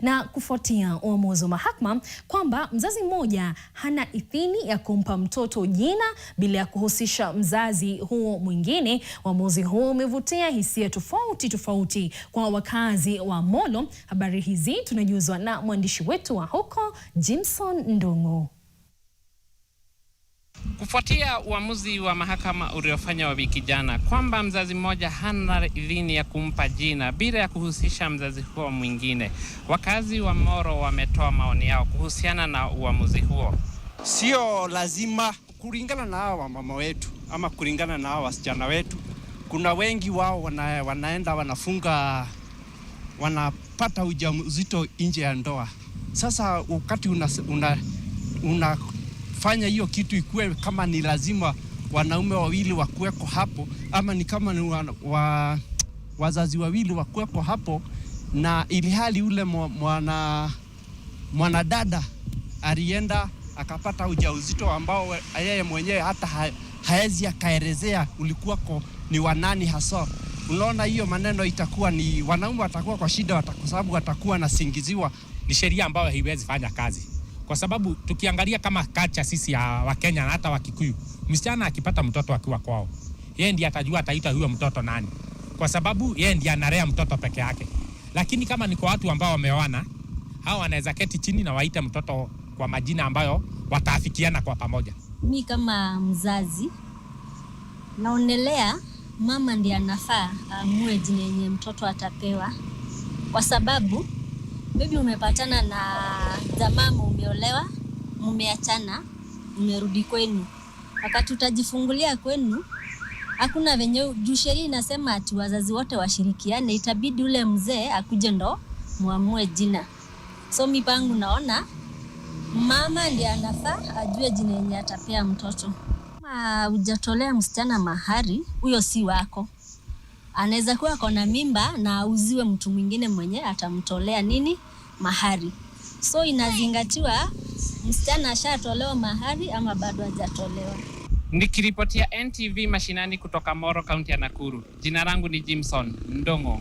Na kufuatia uamuzi wa mahakama kwamba mzazi mmoja hana idhini ya kumpa mtoto jina bila ya kuhusisha mzazi huo mwingine, uamuzi huo umevutia hisia tofauti tofauti kwa wakazi wa Molo. Habari hizi tunajuzwa na mwandishi wetu wa huko Jimson Ndungu. Kufuatia uamuzi wa mahakama uliofanywa wiki jana kwamba mzazi mmoja hana idhini ya kumpa jina bila ya kuhusisha mzazi huo mwingine, wakazi wa Moro wametoa maoni yao kuhusiana na uamuzi huo. Sio lazima kulingana na hawa mama wetu ama kulingana na hawa wasichana wetu, kuna wengi wao wana, wanaenda wanafunga wanapata ujauzito nje ya ndoa. Sasa wakati una, una, una fanya hiyo kitu ikuwe kama ni lazima wanaume wawili wakuweko hapo, ama ni kama ni wa, wa, wazazi wawili wakuweko hapo, na ilihali ule mwana mwanadada alienda akapata ujauzito ambao yeye mwenyewe hata ha, haezi akaelezea ulikuwako ni wanani haswa. Unaona, hiyo maneno itakuwa ni wanaume watakuwa kwa shida, kwa sababu watakuwa nasingiziwa. Ni sheria ambayo haiwezi fanya kazi kwa sababu tukiangalia kama kacha sisi ya Wakenya na hata Wakikuyu, msichana akipata mtoto akiwa kwao, yeye ndiye atajua ataita huyo mtoto nani, kwa sababu yeye ndiye analea mtoto peke yake. Lakini kama ni kwa watu ambao wameoana, hao wanaweza keti chini na waite mtoto kwa majina ambayo wataafikiana kwa pamoja. Mi kama mzazi naonelea mama ndiye anafaa amue jina yenye mtoto atapewa, kwa sababu bibi umepatana na jamaa mumeolewa, mumeachana, mmerudi kwenu. Wakati utajifungulia kwenu, hakuna venye, juu sheria inasema ati wazazi wote washirikiane, itabidi ule mzee akuje ndo muamue jina. So mi naona mama ndiye anafaa ajue jina yenye atapea mtoto. Kama hujatolea msichana mahari, huyo si wako. Anaweza kuwa ako na mimba na auziwe mtu mwingine mwenye atamtolea nini mahari. So inazingatiwa msichana ashatolewa mahari ama bado hajatolewa. Nikiripotia NTV mashinani kutoka Moro, kaunti ya Nakuru. Jina langu ni Jimson Ndongo.